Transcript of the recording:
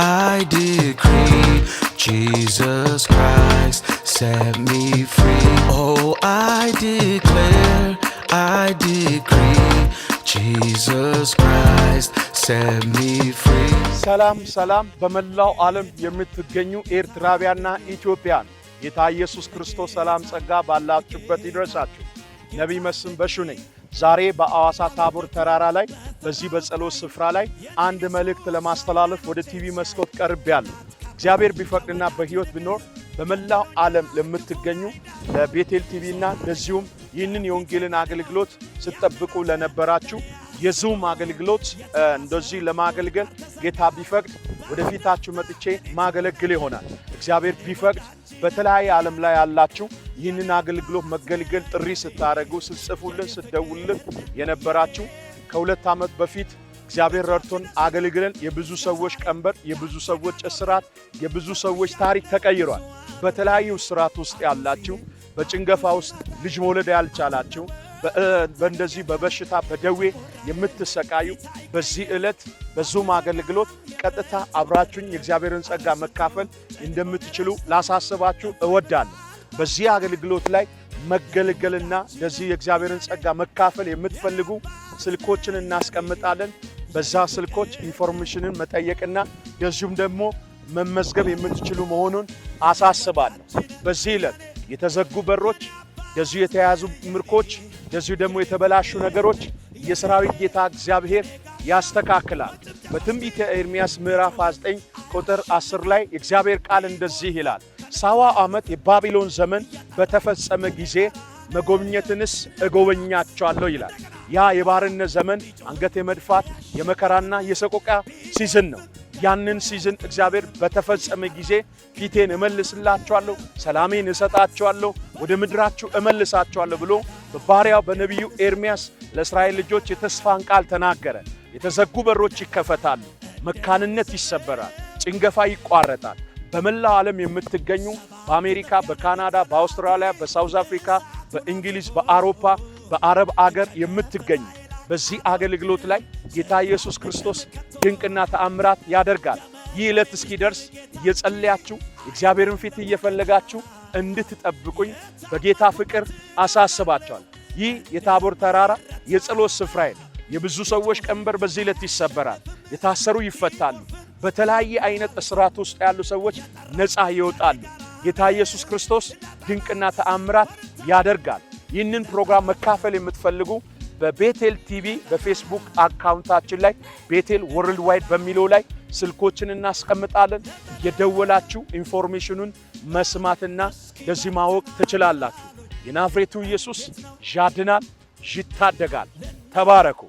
I decree, Jesus Christ set me free. Oh, I declare, I decree, Jesus Christ set me free. ሰላም ሰላም! በመላው ዓለም የምትገኙ ኤርትራውያንና ኢትዮጵያን ጌታ ኢየሱስ ክርስቶስ ሰላም ጸጋ ባላችሁበት ይድረሳችሁ። ነቢይ መስፍን በሹ ነኝ። ዛሬ በአዋሳ ታቦር ተራራ ላይ በዚህ በጸሎት ስፍራ ላይ አንድ መልእክት ለማስተላለፍ ወደ ቲቪ መስኮት ቀርብ ቀርቤያለሁ። እግዚአብሔር ቢፈቅድና በሕይወት ብኖር በመላው ዓለም ለምትገኙ ለቤቴል ቲቪና እንደዚሁም ይህንን የወንጌልን አገልግሎት ስትጠብቁ ለነበራችሁ የዙም አገልግሎት እንደዚህ ለማገልገል ጌታ ቢፈቅድ ወደፊታችሁ መጥቼ ማገለግል ይሆናል። እግዚአብሔር ቢፈቅድ በተለያየ ዓለም ላይ ያላችሁ ይህንን አገልግሎት መገልገል ጥሪ ስታደርጉ፣ ስትጽፉልን፣ ስትደውልን የነበራችሁ ከሁለት ዓመት በፊት እግዚአብሔር ረድቶን አገልግለን የብዙ ሰዎች ቀንበር፣ የብዙ ሰዎች እስራት፣ የብዙ ሰዎች ታሪክ ተቀይሯል። በተለያዩ እስራት ውስጥ ያላችሁ፣ በጭንገፋ ውስጥ ልጅ መውለድ ያልቻላችሁ፣ በእንደዚህ በበሽታ በደዌ የምትሰቃዩ በዚህ ዕለት በዙም አገልግሎት ቀጥታ አብራችሁኝ የእግዚአብሔርን ጸጋ መካፈል እንደምትችሉ ላሳስባችሁ እወዳለሁ። በዚህ አገልግሎት ላይ መገልገልና ለዚህ የእግዚአብሔርን ጸጋ መካፈል የምትፈልጉ ስልኮችን እናስቀምጣለን። በዛ ስልኮች ኢንፎርሜሽንን መጠየቅና እንደዚሁም ደግሞ መመዝገብ የምትችሉ መሆኑን አሳስባለሁ። በዚህ ዕለት የተዘጉ በሮች፣ እንደዚሁ የተያዙ ምርኮች፣ እንደዚሁ ደግሞ የተበላሹ ነገሮች የሰራዊት ጌታ እግዚአብሔር ያስተካክላል። በትንቢተ ኤርምያስ ምዕራፍ 29 ቁጥር 10 ላይ የእግዚአብሔር ቃል እንደዚህ ይላል፣ ሰባ ዓመት የባቢሎን ዘመን በተፈጸመ ጊዜ መጎብኘትንስ እጎበኛቸዋለሁ ይላል። ያ የባርነት ዘመን አንገት የመድፋት የመከራና የሰቆቃ ሲዝን ነው። ያንን ሲዝን እግዚአብሔር በተፈጸመ ጊዜ ፊቴን እመልስላቸዋለሁ ሰላሜን እሰጣቸዋለሁ፣ ወደ ምድራችሁ እመልሳቸዋለሁ ብሎ በባሪያው በነቢዩ ኤርምያስ ለእስራኤል ልጆች የተስፋን ቃል ተናገረ። የተዘጉ በሮች ይከፈታሉ፣ መካንነት ይሰበራል፣ ጭንገፋ ይቋረጣል። በመላ ዓለም የምትገኙ በአሜሪካ፣ በካናዳ፣ በአውስትራሊያ፣ በሳውዝ አፍሪካ፣ በእንግሊዝ፣ በአውሮፓ፣ በአረብ አገር የምትገኙ በዚህ አገልግሎት ላይ ጌታ ኢየሱስ ክርስቶስ ድንቅና ተአምራት ያደርጋል። ይህ ዕለት እስኪደርስ እየጸለያችሁ እግዚአብሔርን ፊት እየፈለጋችሁ እንድትጠብቁኝ በጌታ ፍቅር አሳስባቸዋል። ይህ የታቦር ተራራ የጸሎት ስፍራዬ ነው። የብዙ ሰዎች ቀንበር በዚህ ዕለት ይሰበራል። የታሰሩ ይፈታሉ። በተለያየ አይነት እስራት ውስጥ ያሉ ሰዎች ነፃ ይወጣሉ። ጌታ ኢየሱስ ክርስቶስ ድንቅና ተአምራት ያደርጋል። ይህንን ፕሮግራም መካፈል የምትፈልጉ በቤቴል ቲቪ በፌስቡክ አካውንታችን ላይ ቤቴል ወርልድ ዋይድ በሚለው ላይ ስልኮችን እናስቀምጣለን። የደወላችሁ ኢንፎርሜሽኑን መስማትና ለዚህ ማወቅ ትችላላችሁ። የናፍሬቱ ኢየሱስ ያድናል፣ ይታደጋል። ተባረኩ።